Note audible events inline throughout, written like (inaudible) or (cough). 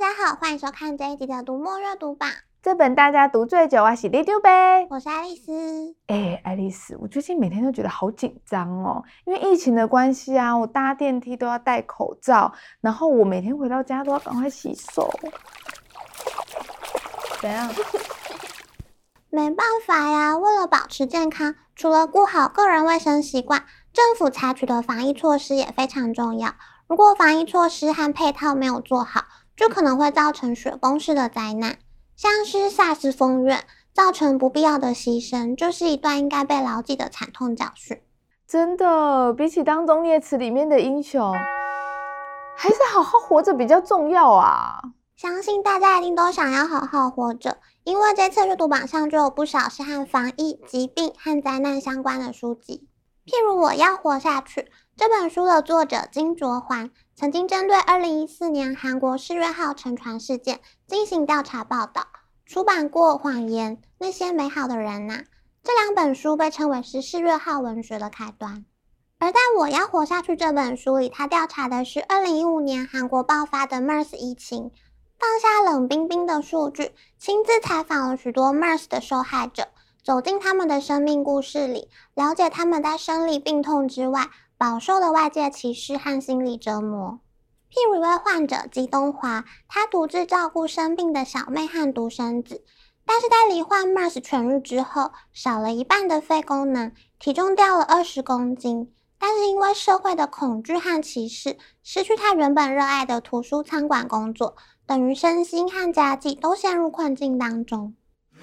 大家好，歡迎收看這一集的讀墨閱讀榜。這本大家讀最久啊，洗地丟唄。我是愛麗絲。哎，愛麗絲，我最近每天都覺得好緊張哦，因為疫情的關係啊，我搭電梯都要戴口罩，然後我每天回到家都要趕快洗手。怎樣？沒辦法呀，為了保持健康，除了顧好個人衛生習慣，政府採取的防疫措施也非常重要。如果防疫措施和配套沒有做好，就可能會造成雪崩式的災難，像是 SARS 封院造成不必要的犧牲，就是一段應該被牢記的慘痛教訓。真的，比起當中列詞裡面的英雄，還是好好活着比較重要啊！相信大家一定都想要好好活着，因為這次閱讀榜上就有不少是和防疫、疾病和災難相關的書籍，譬如《我要活下去》這本書的作者金琸桓。曾經針對二零一四年韓國世越號沉船事件進行調查報道，出版過《謊言》《那些美好的人》，吶，這兩本書被稱為是世越號文學的開端。而在《我要活下去》這本書裡，他調查的是二零一五年韓國爆發的 MERS 疫情，放下冷冰冰的數據，親自採訪了許多 MERS 的受害者，走進他們的生命故事裡，了解他們在生理病痛之外。飽受了外界歧視和心理折磨，譬如一位患者姬東華，他獨自照顧生病的小妹和獨生子，但是在罹患 MERS 痊癒之後，少了一半的肺功能，體重掉了二十公斤，但是因為社會的恐懼和歧視，失去他原本熱愛的圖書餐館工作，等於身心和家境都陷入困境當中。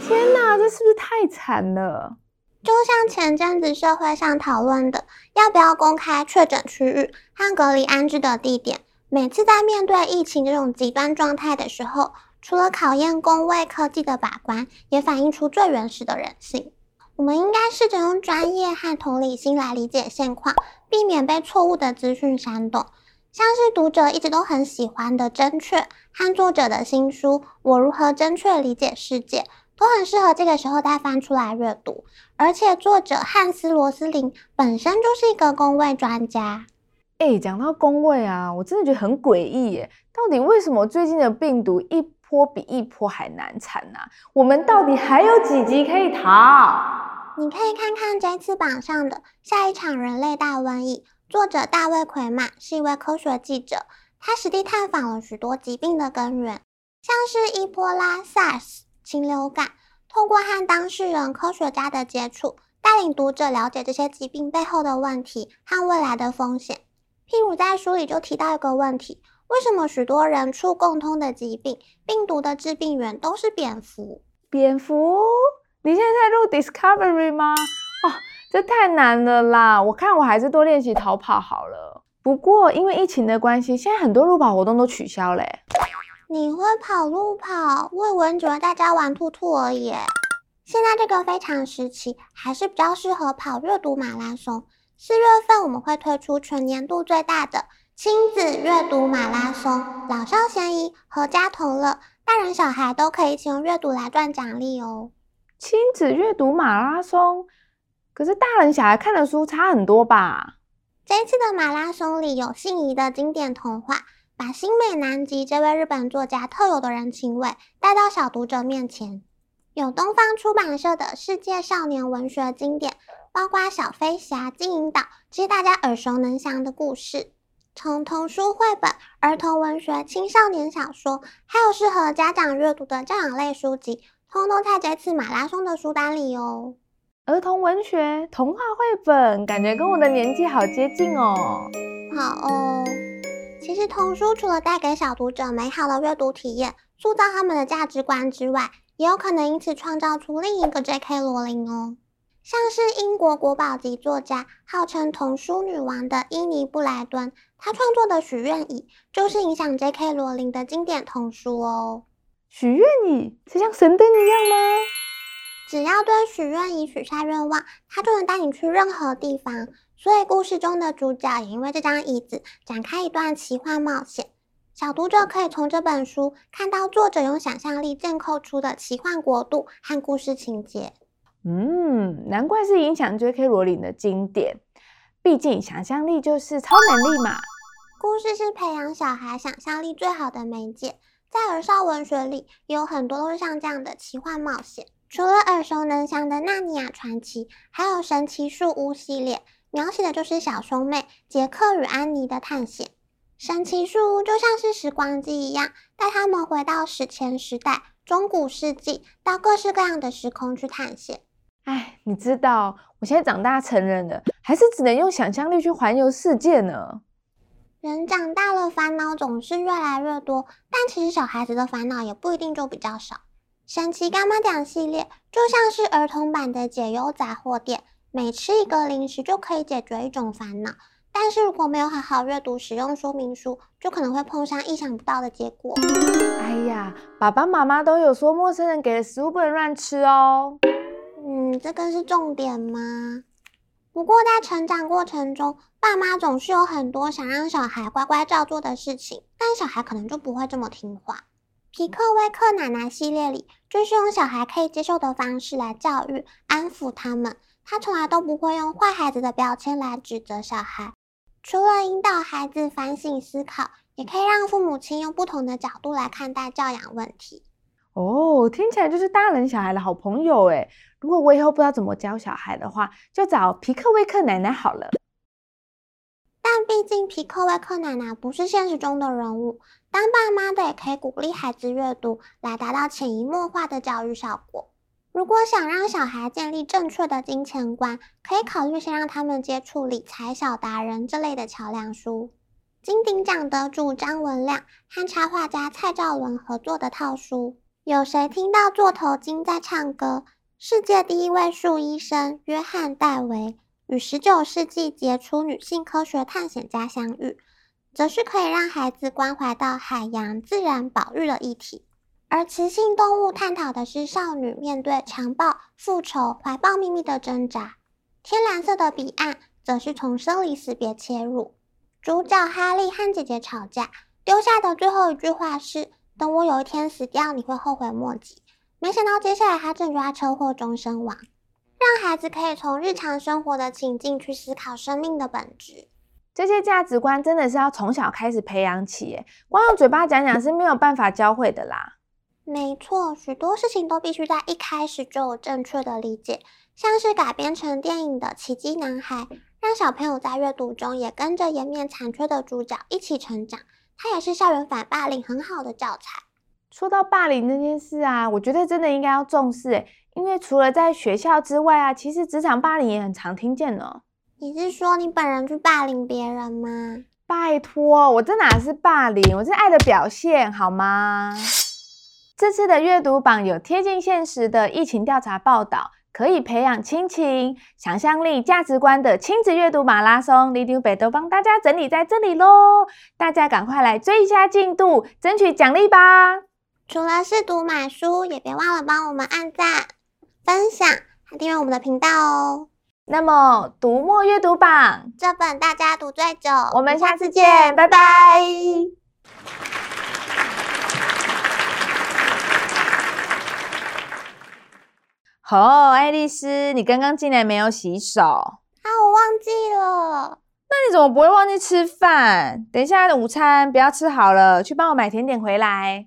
天哪，這是不是太慘了？就像前陣子社會上討論的，要不要公開確診區域和隔離安置的地點？每次在面對疫情這種極端狀態的時候，除了考驗公衛科技的把關，也反映出最原始的人性。我們應該試着用專業和同理心來理解現況，避免被錯誤的資訊煽動。像是讀者一直都很喜歡的《真確》和作者的新書《我如何真確理解世界》。都很適合這個時候再翻出來閱讀，而且作者漢斯羅斯林本身就是一個公衛專家。哎，講到公衛啊，我真的覺得很詭異耶！到底為什麼最近的病毒一波比一波還難纏呢、啊？我們到底還有幾集可以逃？你可以看看這次榜上的下一場人類大瘟疫，作者大衛奎曼是一位科學記者，他實地探訪了許多疾病的根源，像是伊波拉、SARS 禽流感，通過和當事人、科學家的接觸，帶領讀者了解這些疾病背後的問題和未來的風險。譬如在書裡就提到一個問題：為什麼許多人畜共通的疾病，病毒的致病源都是蝙蝠？蝙蝠？你現在在錄 Discovery 嗎？哦，這太難了啦！我看我還是多練習逃跑好了。不過因為疫情的關係，現在很多路跑活動都取消嘞、欸。你會跑路跑？為滿足大家玩兔兔而已。現在這個非常時期，還是比較適合跑閱讀馬拉松。四月份我們會推出全年度最大的親子閱讀馬拉松，老少咸宜，闔家同樂，大人小孩都可以一起用閱讀來賺獎勵哦。親子閱讀馬拉松，可是大人小孩看的書差很多吧？這一次的馬拉松裡有心儀的經典童話。把新美南吉這位日本作家特有的人情味帶到小讀者面前。有東方出版社的《世界少年文學經典》，包括《小飛俠》《金銀島》，這些大家耳熟能詳的故事。從童書繪本、兒童文學、青少年小說，還有適合家長閱讀的教養類書籍，通通在這次馬拉松的書單裡哦。兒童文學、童話繪本，感覺跟我的年紀好接近哦。好哦。其實，童書除了帶給小讀者美好的閱讀體驗、塑造他們的價值觀之外，也有可能因此創造出另一個 J.K. 羅琳哦。像是英國國寶級作家、號稱童書女王的伊妮布萊頓，她創作的《許願椅》就是影響 J.K. 羅琳的經典童書哦。許願椅是像神燈一樣嗎？只要對許願椅許下願望，它就能帶你去任何地方。所以故事中的主角也因為這張椅子展開一段奇幻冒險。小讀者可以從這本書看到作者用想象力建構出的奇幻國度和故事情節。嗯，難怪是影響 JK 羅琳的經典，畢竟想象力就是超能力嘛。故事是培養小孩想象力最好的媒介，在兒少文學裡也有很多都是像這樣的奇幻冒險。除了耳熟能詳的《納尼亞傳奇》，還有《神奇樹屋》系列，描寫的就是小兄妹傑克與安妮的探險。《神奇樹屋》就像是時光機一樣，帶他們回到史前時代、中古世紀，到各式各樣的時空去探險。哎，你知道，我現在長大成人了，還是只能用想象力去環遊世界呢？人長大了，煩惱總是越來越多，但其實小孩子的煩惱也不一定就比較少。神奇柑仔店系列就像是兒童版的解憂雜貨店，每吃一個零食就可以解決一種煩惱。但是如果沒有好好閱讀使用說明書，就可能會碰上意想不到的結果。哎呀，爸爸媽媽都有說，陌生人給的食物不能亂吃哦。嗯，這個是重點嗎？不過在成長過程中，爸媽總是有很多想讓小孩乖乖照做的事情，但小孩可能就不會這麼聽話。皮克威克奶奶系列裡，就是用小孩可以接受的方式來教育、安撫他們。他從來都不會用“壞孩子”的標籤來指責小孩，除了引導孩子反省思考，也可以讓父母親用不同的角度來看待教養問題。哦，聽起來就是大人小孩的好朋友哎！如果我以後不知道怎麼教小孩的話，就找皮克威克奶奶好了。但畢竟皮克威克奶奶不是現實中的人物，當爸媽的也可以鼓勵孩子閱讀，來達到潛移默化的教育效果。如果想讓小孩建立正確的金錢觀，可以考慮先讓他們接觸《理財小達人》這類的橋梁書。金鼎獎得主張文亮和插畫家蔡兆倫合作的套書。有誰聽到座頭鯨在唱歌？世界第一位樹醫生約翰·戴維。與19世紀傑出女性科學探險家相遇，則是可以讓孩子關懷到海洋自然保育的議題；而雌性動物探討的是少女面對強暴、復仇、懷抱秘密的掙扎。天藍色的彼岸，則是從生離死別切入，主角哈利和姐姐吵架丟下的最後一句話是：“等我有一天死掉，你會後悔莫及。”沒想到接下來他正就在車禍中身亡。讓孩子可以從日常生活的情境去思考生命的本質，這些價值觀真的是要從小開始培養起耶，光用嘴巴講講是沒有辦法教會的啦。沒錯，許多事情都必須在一開始就有正確的理解，像是改編成電影的《奇蹟男孩》，讓小朋友在閱讀中也跟着顏面殘缺的主角一起成長，它也是校園反霸凌很好的教材。說到霸凌這件事啊，我覺得真的應該要重視、欸、因為除了在學校之外啊，其實職場霸凌也很常聽見哦。你是說你本人去霸凌別人嗎？拜託，我這哪是霸凌，我這是愛的表現，好嗎？ (noise) 這次的閱讀榜有貼近現實的疫情調查報道，可以培養親情、想象力、價值觀的親子閱讀馬拉松，李杜北都幫大家整理在這裡嘍，大家趕快來追一下進度，爭取獎勵吧。除了試讀買書，也別忘了幫我們按讚、分享，還訂閱我們的頻道哦。那麼，讀墨閱讀榜這本大家讀最久，我們下次見，拜拜。好、哦，愛麗絲，你剛剛進來沒有洗手？啊，我忘記了。那你怎麼不會忘記吃飯？等一下的午餐不要吃好了，去幫我買甜點回來。